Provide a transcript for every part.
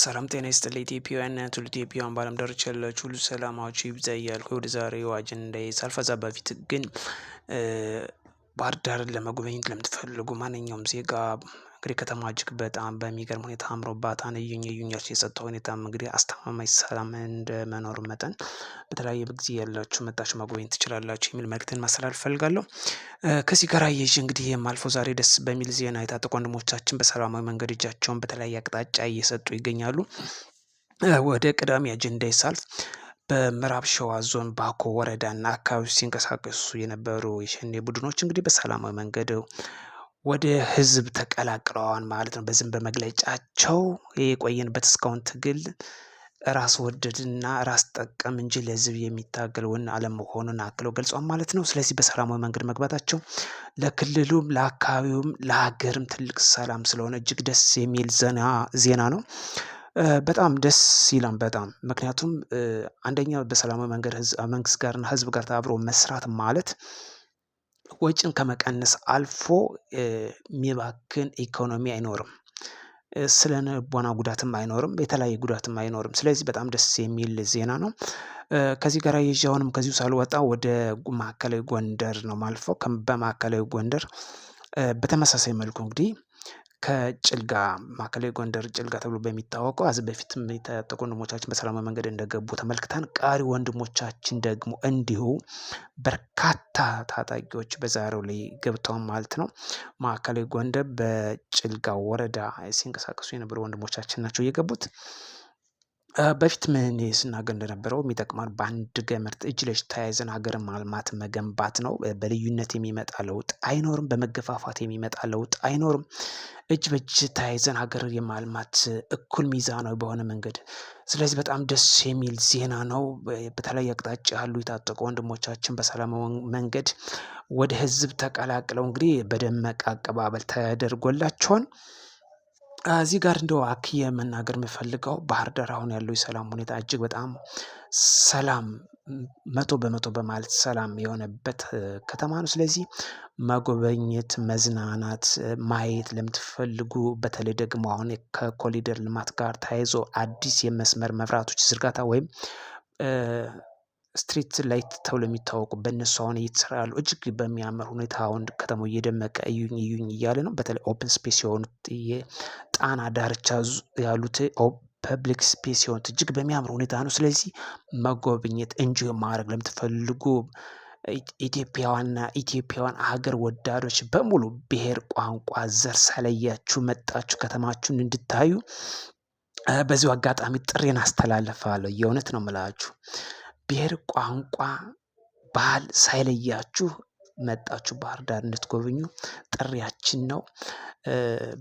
ሰላም ጤና ይስጥልኝ ኢትዮጵያውያን ትውልደ ኢትዮጵያውያን በዓለም ዳርቻ ያላችሁ ሁሉ ሰላማችሁ ይብዛ እያልኩ ወደ ዛሬው አጀንዳ ሳልፋዛ በፊት ግን ባህር ዳርን ለመጎብኘት ለምትፈልጉ ማንኛውም ዜጋ እንግዲህ ከተማ እጅግ በጣም በሚገርም ሁኔታ አምሮባታን እዩኝ እዩኝ ያልች የጸጥታ ሁኔታ እንግዲህ አስተማማኝ ሰላም እንደመኖር መጠን በተለያየ ጊዜ ያላችሁ መጣችሁ መጎብኘት ትችላላችሁ የሚል መልክትን ማስተላለፍ ፈልጋለሁ። ከዚህ ጋር አያይዤ እንግዲህ የማልፈው ዛሬ ደስ በሚል ዜና የታጠቁ ወንድሞቻችን በሰላማዊ መንገድ እጃቸውን በተለያየ አቅጣጫ እየሰጡ ይገኛሉ። ወደ ቅዳሜ አጀንዳ ይሳልፍ። በምዕራብ ሸዋ ዞን ባኮ ወረዳና አካባቢ ሲንቀሳቀሱ የነበሩ የሸኔ ቡድኖች እንግዲህ በሰላማዊ መንገድ ወደ ህዝብ ተቀላቅለዋል ማለት ነው። በዚህም በመግለጫቸው የቆየንበት እስካሁን ትግል ራስ ወደድና ራስ ጠቀም እንጂ ለህዝብ የሚታገልውን አለመሆኑን አክለው ገልጿል ማለት ነው። ስለዚህ በሰላማዊ መንገድ መግባታቸው ለክልሉም ለአካባቢውም ለሀገርም ትልቅ ሰላም ስለሆነ እጅግ ደስ የሚል ዜና ነው። በጣም ደስ ይላል። በጣም ምክንያቱም አንደኛ በሰላማዊ መንገድ መንግስት ጋርና ህዝብ ጋር ተባብሮ መስራት ማለት ወጭን ከመቀነስ አልፎ የሚባክን ኢኮኖሚ አይኖርም። ስለ ልቦና ጉዳትም አይኖርም፣ የተለያየ ጉዳትም አይኖርም። ስለዚህ በጣም ደስ የሚል ዜና ነው። ከዚህ ጋር የዣውንም ከዚሁ ሳልወጣ ወደ ማዕከላዊ ጎንደር ነው ማልፈው። በማዕከላዊ ጎንደር በተመሳሳይ መልኩ እንግዲህ ከጭልጋ ማዕከላዊ ጎንደር ጭልጋ ተብሎ በሚታወቀው አዝ በፊትም የታጠቁ ወንድሞቻችን በሰላማዊ መንገድ እንደገቡ ተመልክተን፣ ቀሪ ወንድሞቻችን ደግሞ እንዲሁ በርካታ ታጣቂዎች በዛሬው ላይ ገብተውን ማለት ነው። ማዕከላዊ ጎንደር በጭልጋ ወረዳ ሲንቀሳቀሱ የነበሩ ወንድሞቻችን ናቸው የገቡት። በፊት ምን ስናገር እንደነበረው የሚጠቅማን በአንድ ገመድ እጅ ለእጅ ተያይዘን ሀገር ማልማት መገንባት ነው። በልዩነት የሚመጣ ለውጥ አይኖርም። በመገፋፋት የሚመጣ ለውጥ አይኖርም። እጅ በእጅ ተያይዘን ሀገር የማልማት እኩል ሚዛናዊ በሆነ መንገድ። ስለዚህ በጣም ደስ የሚል ዜና ነው። በተለያየ አቅጣጫ ያሉ የታጠቁ ወንድሞቻችን በሰላማዊ መንገድ ወደ ህዝብ ተቀላቅለው እንግዲህ በደመቀ አቀባበል ተደርጎላቸዋል። እዚህ ጋር እንደው አክየ መናገር የምፈልገው ባህር ዳር አሁን ያለው የሰላም ሁኔታ እጅግ በጣም ሰላም መቶ በመቶ በማለት ሰላም የሆነበት ከተማ ነው። ስለዚህ መጎበኘት፣ መዝናናት፣ ማየት ለምትፈልጉ በተለይ ደግሞ አሁን ከኮሊደር ልማት ጋር ተያይዞ አዲስ የመስመር መብራቶች ዝርጋታ ወይም ስትሪት ላይት ተብሎ የሚታወቁ በእነሱ አሁን እየተሰራ ያሉ እጅግ በሚያምር ሁኔታ አሁን ከተማው እየደመቀ እዩኝ እዩኝ እያለ ነው። በተለይ ኦፕን ስፔስ የሆኑት የጣና ዳርቻ ያሉት ፐብሊክ ስፔስ የሆኑት እጅግ በሚያምር ሁኔታ ነው። ስለዚህ መጎብኘት እንጂ ማድረግ ለምትፈልጉ ኢትዮጵያዋና ኢትዮጵያዋን ሀገር ወዳዶች በሙሉ ብሔር፣ ቋንቋ፣ ዘር ሳይለያችሁ መጣችሁ ከተማችሁን እንድታዩ በዚሁ አጋጣሚ ጥሪን አስተላልፋለሁ። የእውነት ነው ምላችሁ ብሔር፣ ቋንቋ፣ ባህል ሳይለያችሁ መጣችሁ ባህር ዳር እንድትጎበኙ ጥሪያችን ነው።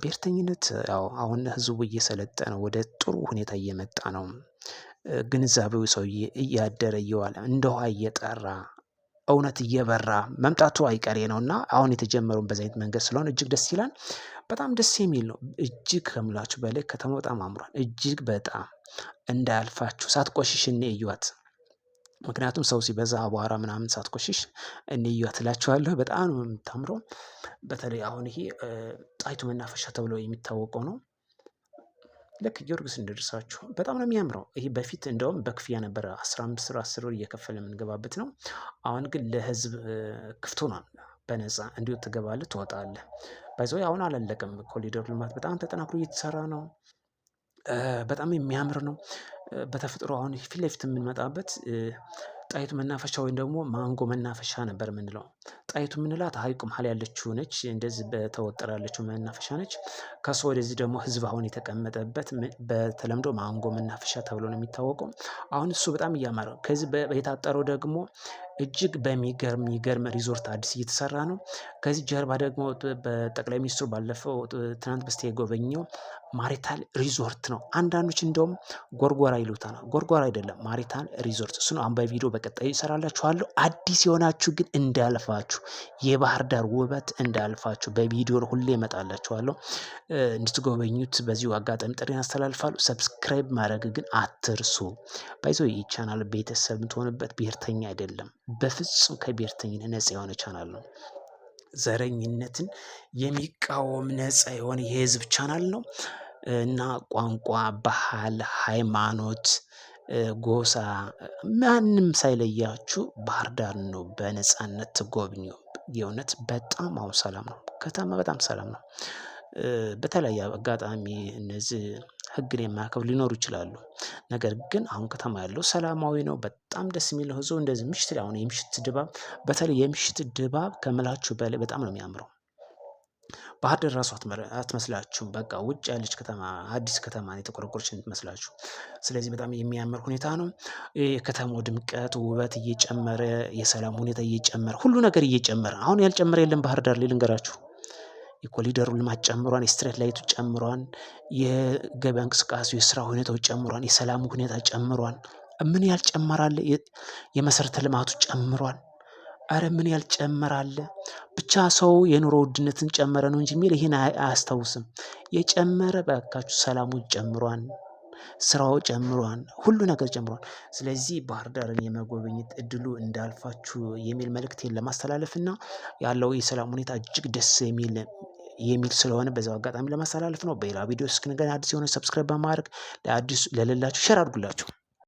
ብሔርተኝነት ያው አሁን ህዝቡ እየሰለጠ ነው ወደ ጥሩ ሁኔታ እየመጣ ነው። ግንዛቤው ሰው እያደረ እየዋለ እንደ ውሃ እየጠራ እውነት እየበራ መምጣቱ አይቀሬ ነው እና አሁን የተጀመረውን በዚ አይነት መንገድ ስለሆነ እጅግ ደስ ይላል። በጣም ደስ የሚል ነው። እጅግ ከምላችሁ በላይ ከተማ በጣም አምሯል። እጅግ በጣም እንዳያልፋችሁ ሳትቆሽሽ እኔ እዩዋት። ምክንያቱም ሰው ሲበዛ አቧራ ምናምን ሳትቆሽሽ እንዩት እላችኋለሁ። በጣም ነው የምታምረው። በተለይ አሁን ይሄ ጣይቱ መናፈሻ ተብሎ የሚታወቀው ነው። ልክ ጊዮርጊስ እንደደርሳችሁ በጣም ነው የሚያምረው። ይሄ በፊት እንደውም በክፍያ ነበረ፣ አስራ አምስት ብር አስር ብር እየከፈለ የምንገባበት ነው። አሁን ግን ለህዝብ ክፍት ሆኗል። በነፃ እንዲሁ ትገባለህ፣ ትወጣለህ። ባይዘ አሁን አላለቅም። ኮሊደር ልማት በጣም ተጠናክሮ እየተሰራ ነው። በጣም የሚያምር ነው። በተፈጥሮ አሁን ፊት ለፊት የምንመጣበት ጣይቱ መናፈሻ ወይም ደግሞ ማንጎ መናፈሻ ነበር የምንለው። ጣይቱ የምንላት ሀይቁ መሀል ያለችው ነች። እንደዚህ በተወጠረ ያለችው መናፈሻ ነች። ከሱ ወደዚህ ደግሞ ህዝብ አሁን የተቀመጠበት በተለምዶ ማንጎ መናፈሻ ተብሎ ነው የሚታወቀው። አሁን እሱ በጣም እያማረ ከዚህ የታጠረው ደግሞ እጅግ በሚገርም የሚገርም ሪዞርት አዲስ እየተሰራ ነው። ከዚህ ጀርባ ደግሞ በጠቅላይ ሚኒስትሩ ባለፈው ትናንት በስቲያ የጎበኘው ማሪታል ሪዞርት ነው። አንዳንዶች እንደውም ጎርጎራ ነው። ጎርጎራ አይደለም ማሪታል ሪዞርት እሱ ነው። አሁን በቪዲዮ በቀጣይ ይሰራላችኋለሁ። አዲስ የሆናችሁ ግን እንዳልፋችሁ የባህር ዳር ውበት እንዳልፋችሁ በቪዲዮ ሁሌ እመጣላችኋለሁ እንድትጎበኙት በዚሁ አጋጣሚ ጥሪ ያስተላልፋሉ። ሰብስክራይብ ማድረግ ግን አትርሱ። ባይዞ ይህ ቻናል ቤተሰብ የምትሆንበት ብሔርተኛ አይደለም፣ በፍጹም ከብሔርተኝነት ነጻ የሆነ ቻናል ነው። ዘረኝነትን የሚቃወም ነጻ የሆነ የህዝብ ቻናል ነው እና ቋንቋ፣ ባህል፣ ሃይማኖት ጎሳ ማንም ሳይለያችሁ ባህር ዳር ነው በነፃነት ትጎብኙ። የእውነት በጣም አሁን ሰላም ነው፣ ከተማ በጣም ሰላም ነው። በተለያየ አጋጣሚ እነዚህ ህግን የማያከብ ሊኖሩ ይችላሉ። ነገር ግን አሁን ከተማ ያለው ሰላማዊ ነው። በጣም ደስ የሚለው ህዝቡ እንደዚህ ምሽት አሁን የምሽት ድባብ በተለይ የምሽት ድባብ ከምላችሁ በላይ በጣም ነው የሚያምረው። ባህር ዳር ራሱ አትመስላችሁም። በቃ ውጭ ያለች ከተማ አዲስ ከተማ የተቆረቆረች ትመስላችሁ። ስለዚህ በጣም የሚያምር ሁኔታ ነው። የከተማው ድምቀት ውበት እየጨመረ የሰላም ሁኔታ እየጨመረ ሁሉ ነገር እየጨመረ አሁን ያልጨመረ የለም። ባህር ዳር ላይ ልንገራችሁ የኮሊደሩ ልማት ጨምሯን፣ የስትሬት ላይቱ ጨምሯን፣ የገበያ እንቅስቃሴ የስራ ሁኔታው ጨምሯን፣ የሰላሙ ሁኔታ ጨምሯን። ምን ያልጨመራል? የመሰረተ ልማቱ ጨምሯል። አረ ምን ያህል ጨመራለ? ብቻ ሰው የኑሮ ውድነትን ጨመረ ነው እንጂ የሚል ይህን አያስታውስም። የጨመረ በቃችሁ ሰላሙን ጨምሯን ስራው ጨምሯን ሁሉ ነገር ጨምሯን። ስለዚህ ባህር ዳርን የመጎብኘት እድሉ እንዳልፋችሁ የሚል መልእክቴን ለማስተላለፍና ያለው የሰላም ሁኔታ እጅግ ደስ የሚል የሚል ስለሆነ በዛው አጋጣሚ ለማስተላለፍ ነው። በሌላ ቪዲዮ እስክንገናኝ አዲስ የሆነ ሰብስክራይብ በማድረግ ለአዲሱ ለሌላችሁ ሸር አድርጉላችሁ።